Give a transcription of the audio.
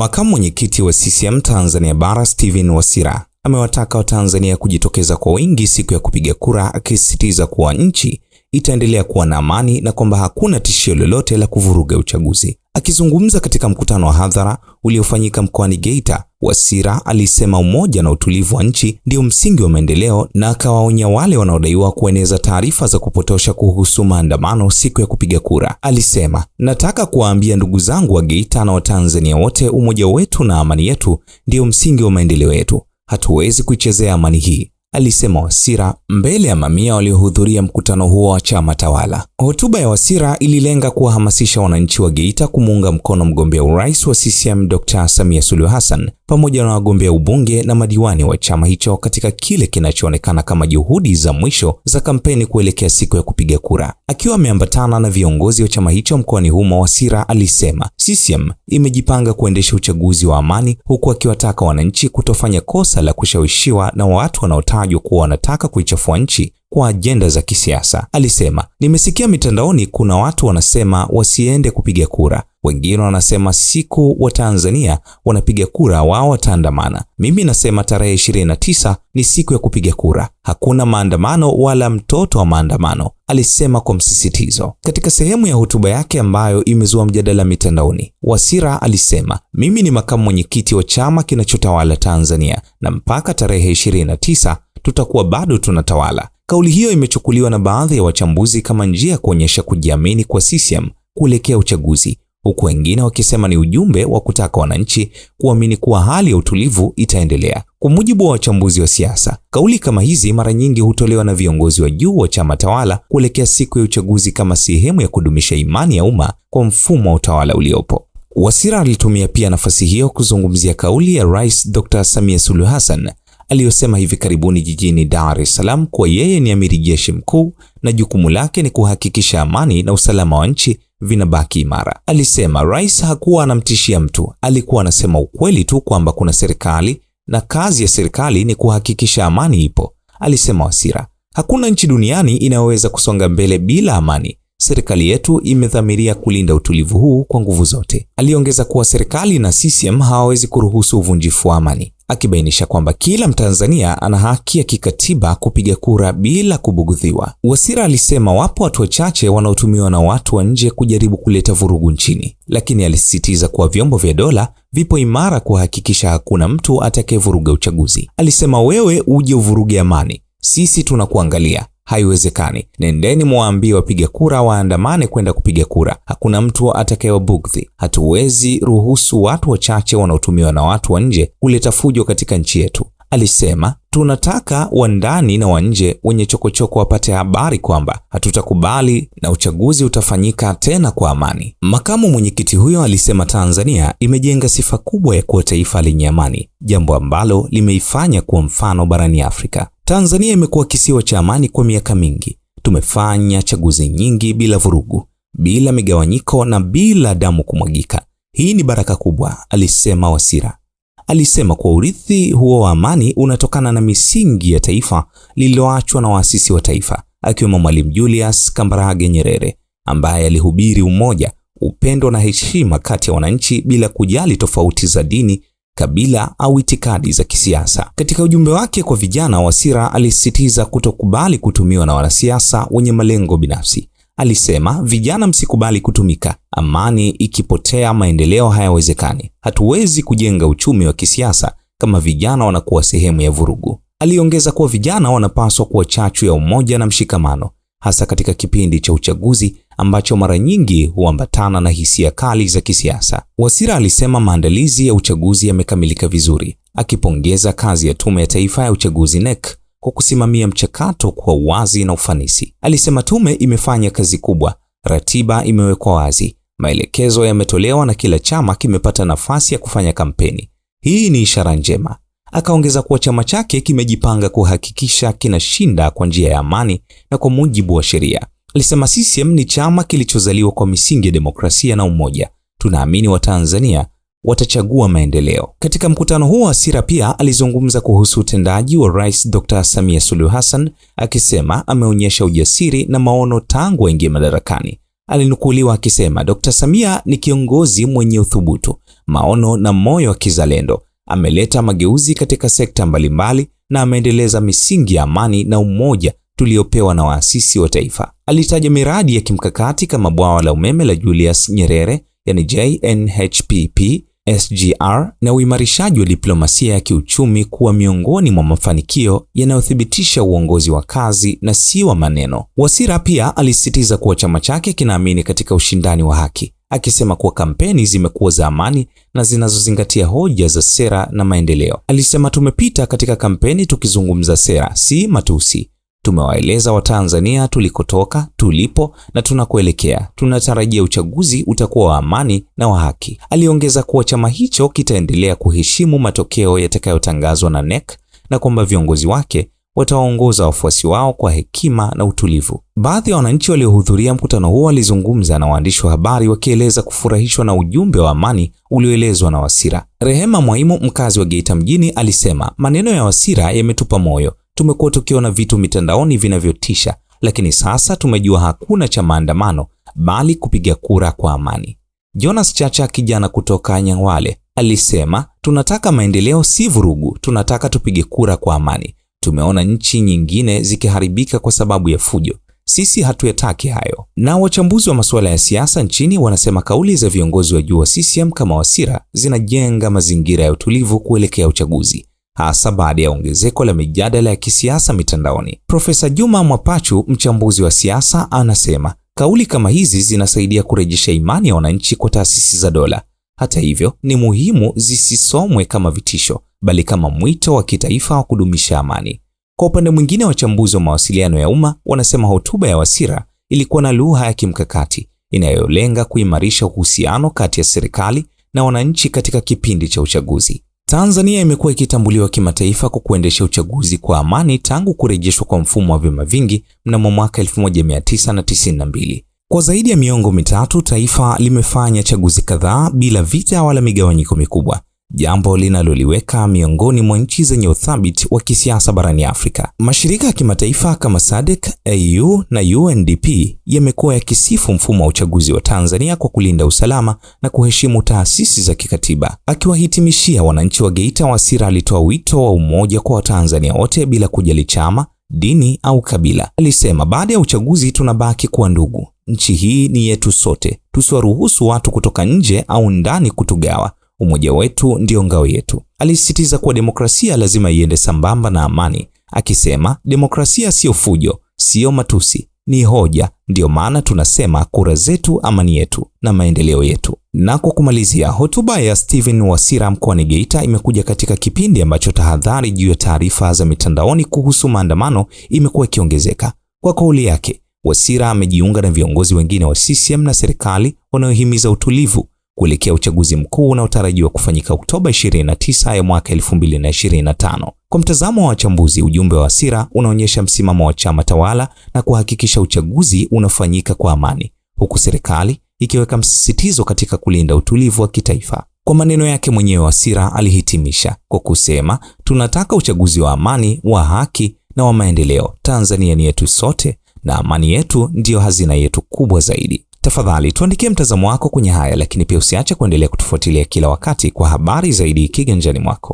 Makamu mwenyekiti wa CCM Tanzania Bara Steven Wasira amewataka Watanzania kujitokeza kwa wingi siku ya kupiga kura, akisisitiza kuwa nchi itaendelea kuwa na amani na kwamba hakuna tishio lolote la kuvuruga uchaguzi. Akizungumza katika mkutano wa hadhara uliofanyika mkoani Geita Wasira alisema umoja na utulivu wa nchi ndio msingi wa maendeleo na akawaonya wale wanaodaiwa kueneza taarifa za kupotosha kuhusu maandamano siku ya kupiga kura. Alisema, nataka kuwaambia ndugu zangu wa Geita na Watanzania wote, umoja wetu na amani yetu ndio msingi wa maendeleo yetu. Hatuwezi kuichezea amani hii alisema Wasira mbele ya mamia waliohudhuria mkutano huo wa chama tawala. Hotuba ya Wasira ililenga kuwahamasisha wananchi wa Geita kumuunga mkono mgombea urais wa CCM Dr. Samia Suluhu Hassan pamoja na wagombea ubunge na madiwani wa chama hicho katika kile kinachoonekana kama juhudi za mwisho za kampeni kuelekea siku ya kupiga kura. Akiwa ameambatana na viongozi wa chama hicho mkoani humo, Wasira alisema CCM imejipanga kuendesha uchaguzi wa amani, huku akiwataka wananchi kutofanya kosa la kushawishiwa na watu wanaotaka inatajwa kuwa wanataka kuichafua nchi kwa ajenda za kisiasa. Alisema, nimesikia mitandaoni kuna watu wanasema wasiende kupiga kura wengine wanasema siku wa Tanzania wanapiga kura, wao wataandamana. Mimi nasema tarehe 29 ni siku ya kupiga kura, hakuna maandamano wala mtoto wa maandamano, alisema kwa msisitizo. Katika sehemu ya hotuba yake ambayo imezua mjadala mitandaoni, Wasira alisema, mimi ni makamu mwenyekiti wa chama kinachotawala Tanzania na mpaka tarehe 29 tutakuwa bado tunatawala. Kauli hiyo imechukuliwa na baadhi ya wachambuzi kama njia ya kuonyesha kujiamini kwa CCM kuelekea uchaguzi huku wengine wakisema ni ujumbe wa kutaka wananchi kuamini kuwa hali ya utulivu itaendelea. Kwa mujibu wa wachambuzi wa siasa, kauli kama hizi mara nyingi hutolewa na viongozi wa juu wa chama tawala kuelekea siku ya uchaguzi kama sehemu ya kudumisha imani ya umma kwa mfumo wa utawala uliopo. Wasira alitumia pia nafasi hiyo kuzungumzia kauli ya Rais Dr. Samia Suluhu Hassan aliyosema hivi karibuni jijini Dar es Salaam kuwa yeye ni amiri jeshi mkuu na jukumu lake ni kuhakikisha amani na usalama wa nchi vinabaki imara. Alisema rais hakuwa anamtishia mtu, alikuwa anasema ukweli tu kwamba kuna serikali na kazi ya serikali ni kuhakikisha amani ipo, alisema Wasira. Hakuna nchi duniani inayoweza kusonga mbele bila amani. Serikali yetu imedhamiria kulinda utulivu huu kwa nguvu zote. Aliongeza kuwa serikali na CCM hawawezi kuruhusu uvunjifu wa amani akibainisha kwamba kila Mtanzania ana haki ya kikatiba kupiga kura bila kubugudhiwa. Wasira alisema wapo watu wachache wanaotumiwa na watu wa nje kujaribu kuleta vurugu nchini, lakini alisisitiza kuwa vyombo vya dola vipo imara kuhakikisha hakuna mtu atakayevuruga uchaguzi. Alisema, wewe uje uvuruge amani, sisi tunakuangalia haiwezekani. Nendeni mwaambie wapiga kura waandamane kwenda kupiga kura, hakuna mtu atakayewabughudhi. Hatuwezi ruhusu watu wachache wanaotumiwa na watu wa nje kuleta fujo katika nchi yetu. Alisema, tunataka wa ndani na wa nje wenye chokochoko wapate habari kwamba hatutakubali na uchaguzi utafanyika tena kwa amani. Makamu mwenyekiti huyo alisema Tanzania imejenga sifa kubwa ya kuwa taifa lenye amani, jambo ambalo limeifanya kuwa mfano barani Afrika. Tanzania imekuwa kisiwa cha amani kwa miaka mingi. Tumefanya chaguzi nyingi bila vurugu, bila migawanyiko na bila damu kumwagika. Hii ni baraka kubwa, alisema Wasira. Alisema kuwa urithi huo wa amani unatokana na misingi ya taifa lililoachwa na waasisi wa taifa, akiwemo Mwalimu Julius Kambarage Nyerere ambaye alihubiri umoja, upendo na heshima kati ya wananchi bila kujali tofauti za dini, kabila au itikadi za kisiasa. Katika ujumbe wake kwa vijana, Wasira alisisitiza kutokubali kutumiwa na wanasiasa wenye malengo binafsi. Alisema, vijana msikubali kutumika. Amani ikipotea, maendeleo hayawezekani. Hatuwezi kujenga uchumi wa kisiasa kama vijana wanakuwa sehemu ya vurugu. Aliongeza kuwa vijana wanapaswa kuwa chachu ya umoja na mshikamano hasa katika kipindi cha uchaguzi ambacho mara nyingi huambatana na hisia kali za kisiasa. Wasira alisema maandalizi ya uchaguzi yamekamilika vizuri, akipongeza kazi ya Tume ya Taifa ya Uchaguzi NEC kwa kusimamia mchakato kwa uwazi na ufanisi. Alisema tume imefanya kazi kubwa, ratiba imewekwa wazi, maelekezo yametolewa na kila chama kimepata nafasi ya kufanya kampeni. Hii ni ishara njema. Akaongeza kuwa chama chake kimejipanga kuhakikisha kinashinda kwa njia ya amani na kwa mujibu wa sheria. Alisema CCM ni chama kilichozaliwa kwa misingi ya demokrasia na umoja. Tunaamini Watanzania watachagua maendeleo. Katika mkutano huo, asira pia alizungumza kuhusu utendaji wa Rais Dr. Samia Suluhu Hassan akisema ameonyesha ujasiri na maono tangu aingie madarakani. Alinukuliwa akisema Dr. Samia ni kiongozi mwenye uthubutu, maono na moyo wa kizalendo ameleta mageuzi katika sekta mbalimbali na ameendeleza misingi ya amani na umoja tuliopewa na waasisi wa taifa. Alitaja miradi ya kimkakati kama bwawa la umeme la Julius Nyerere, yani JNHPP, SGR na uimarishaji wa diplomasia ya kiuchumi kuwa miongoni mwa mafanikio yanayothibitisha uongozi wa kazi na si wa maneno. Wasira pia alisisitiza kuwa chama chake kinaamini katika ushindani wa haki akisema kuwa kampeni zimekuwa za amani na zinazozingatia hoja za sera na maendeleo. Alisema tumepita katika kampeni tukizungumza sera, si matusi. Tumewaeleza Watanzania tulikotoka, tulipo na tunakoelekea. Tunatarajia uchaguzi utakuwa wa amani na wa haki. Aliongeza kuwa chama hicho kitaendelea kuheshimu matokeo yatakayotangazwa na NEC na kwamba viongozi wake watawaongoza wafuasi wao kwa hekima na utulivu. Baadhi ya wananchi waliohudhuria mkutano huo walizungumza na waandishi wa habari wakieleza kufurahishwa na ujumbe wa amani ulioelezwa na Wasira. Rehema Mwaimu, mkazi wa Geita mjini, alisema maneno ya Wasira yametupa moyo. Tumekuwa tukiona vitu mitandaoni vinavyotisha, lakini sasa tumejua hakuna cha maandamano, bali kupiga kura kwa amani. Jonas Chacha, kijana kutoka Nyang'wale, alisema tunataka maendeleo, si vurugu. Tunataka tupige kura kwa amani. Tumeona nchi nyingine zikiharibika kwa sababu ya fujo. Sisi hatuyataki hayo. Na wachambuzi wa masuala ya siasa nchini wanasema kauli za viongozi wa juu wa CCM kama Wasira zinajenga mazingira ya utulivu kuelekea uchaguzi, hasa baada ya ongezeko la mijadala ya kisiasa mitandaoni. Profesa Juma Mwapachu, mchambuzi wa siasa, anasema kauli kama hizi zinasaidia kurejesha imani ya wananchi kwa taasisi za dola. Hata hivyo, ni muhimu zisisomwe kama vitisho, bali kama mwito wa kitaifa wa kudumisha amani. Kwa upande mwingine, wachambuzi wa mawasiliano ya umma wanasema hotuba ya Wasira ilikuwa na lugha ya kimkakati inayolenga kuimarisha uhusiano kati ya serikali na wananchi katika kipindi cha uchaguzi. Tanzania imekuwa ikitambuliwa kimataifa kwa kuendesha uchaguzi kwa amani tangu kurejeshwa kwa mfumo wa vyama vingi mnamo mwaka 1992. Kwa zaidi ya miongo mitatu taifa limefanya chaguzi kadhaa bila vita wala migawanyiko mikubwa, jambo linaloliweka miongoni mwa nchi zenye uthabiti wa kisiasa barani Afrika. Mashirika ya kimataifa kama SADC, AU na UNDP yamekuwa yakisifu mfumo wa uchaguzi wa Tanzania kwa kulinda usalama na kuheshimu taasisi za kikatiba. Akiwahitimishia wananchi wa Geita, Wasira alitoa wito wa umoja kwa Watanzania wote bila kujali chama dini au kabila. Alisema baada ya uchaguzi tunabaki kuwa ndugu, nchi hii ni yetu sote, tusiwaruhusu watu kutoka nje au ndani kutugawa. Umoja wetu ndio ngao yetu. Alisisitiza kuwa demokrasia lazima iende sambamba na amani, akisema demokrasia siyo fujo, siyo matusi, ni hoja. Ndiyo maana tunasema kura zetu, amani yetu na maendeleo yetu. Na kwa kumalizia, hotuba ya Steven Wasira mkoani Geita imekuja katika kipindi ambacho tahadhari juu ya taarifa za mitandaoni kuhusu maandamano imekuwa ikiongezeka. Kwa kauli yake, Wasira amejiunga na viongozi wengine wa CCM na serikali wanaohimiza utulivu kuelekea uchaguzi mkuu unaotarajiwa kufanyika Oktoba 29 ya mwaka 2025. Kwa mtazamo wa wachambuzi, ujumbe wa Wasira unaonyesha msimamo wa chama tawala na kuhakikisha uchaguzi unafanyika kwa amani, huku serikali ikiweka msisitizo katika kulinda utulivu wa kitaifa. Kwa maneno yake mwenyewe, Wasira alihitimisha kwa kusema, tunataka uchaguzi wa amani, wa haki na wa maendeleo. Tanzania ni yetu sote na amani yetu ndiyo hazina yetu kubwa zaidi. Tafadhali tuandikie mtazamo wako kwenye haya, lakini pia usiache kuendelea kutufuatilia kila wakati kwa habari zaidi kiganjani mwako.